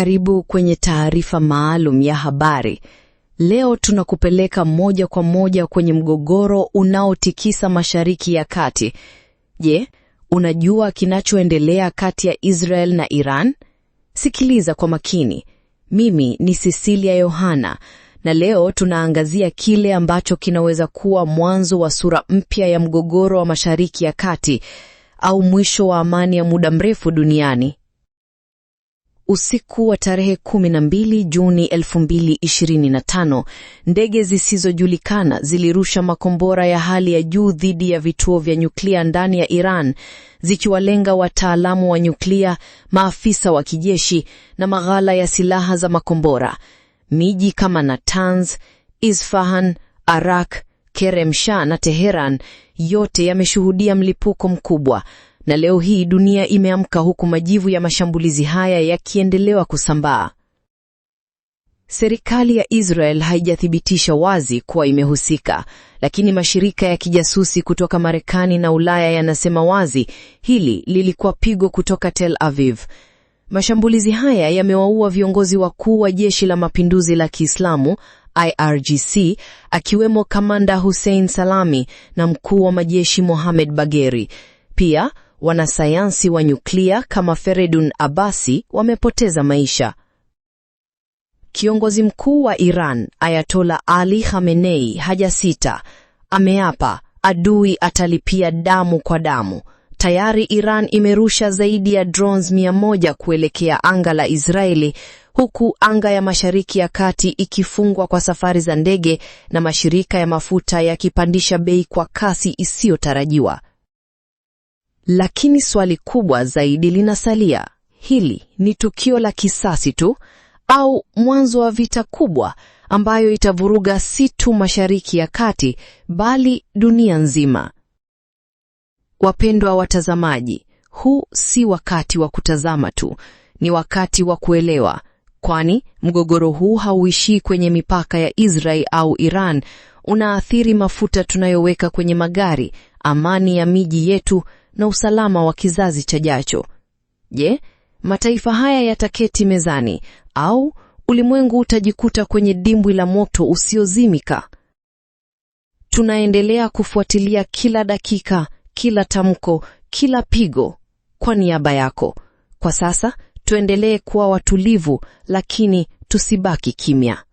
Karibu kwenye taarifa maalum ya habari. Leo tunakupeleka moja kwa moja kwenye mgogoro unaotikisa Mashariki ya Kati. Je, unajua kinachoendelea kati ya Israel na Iran? Sikiliza kwa makini. Mimi ni Cecilia Yohana na leo tunaangazia kile ambacho kinaweza kuwa mwanzo wa sura mpya ya mgogoro wa Mashariki ya Kati au mwisho wa amani ya muda mrefu duniani. Usiku wa tarehe 12 Juni 2025, ndege zisizojulikana zilirusha makombora ya hali ya juu dhidi ya vituo vya nyuklia ndani ya Iran, zikiwalenga wataalamu wa nyuklia, maafisa wa kijeshi na maghala ya silaha za makombora. Miji kama Natanz, Isfahan, Arak, Keremsha na Teheran yote yameshuhudia mlipuko mkubwa na leo hii dunia imeamka huku majivu ya mashambulizi haya yakiendelewa kusambaa. Serikali ya Israel haijathibitisha wazi kuwa imehusika, lakini mashirika ya kijasusi kutoka Marekani na Ulaya yanasema wazi hili lilikuwa pigo kutoka Tel Aviv. Mashambulizi haya yamewaua viongozi wakuu wa jeshi la mapinduzi la Kiislamu IRGC akiwemo Kamanda Hussein Salami na mkuu wa majeshi Mohamed Bagheri. Pia wanasayansi wa nyuklia kama Feredun Abbasi wamepoteza maisha. Kiongozi mkuu wa Iran Ayatola Ali Khamenei hajasita, ameapa adui atalipia damu kwa damu. Tayari Iran imerusha zaidi ya drones moja kuelekea anga la Israeli, huku anga ya Mashariki ya Kati ikifungwa kwa safari za ndege na mashirika ya mafuta yakipandisha bei kwa kasi isiyotarajiwa. Lakini swali kubwa zaidi linasalia. Hili ni tukio la kisasi tu au mwanzo wa vita kubwa ambayo itavuruga si tu Mashariki ya Kati bali dunia nzima? Wapendwa watazamaji, huu si wakati wa kutazama tu, ni wakati wa kuelewa, kwani mgogoro huu hauishii kwenye mipaka ya Israel au Iran. Unaathiri mafuta tunayoweka kwenye magari, amani ya miji yetu na usalama wa kizazi cha jacho Je, mataifa haya yataketi mezani au ulimwengu utajikuta kwenye dimbwi la moto usiozimika? Tunaendelea kufuatilia kila dakika, kila tamko, kila pigo kwa niaba yako. Kwa sasa tuendelee kuwa watulivu, lakini tusibaki kimya.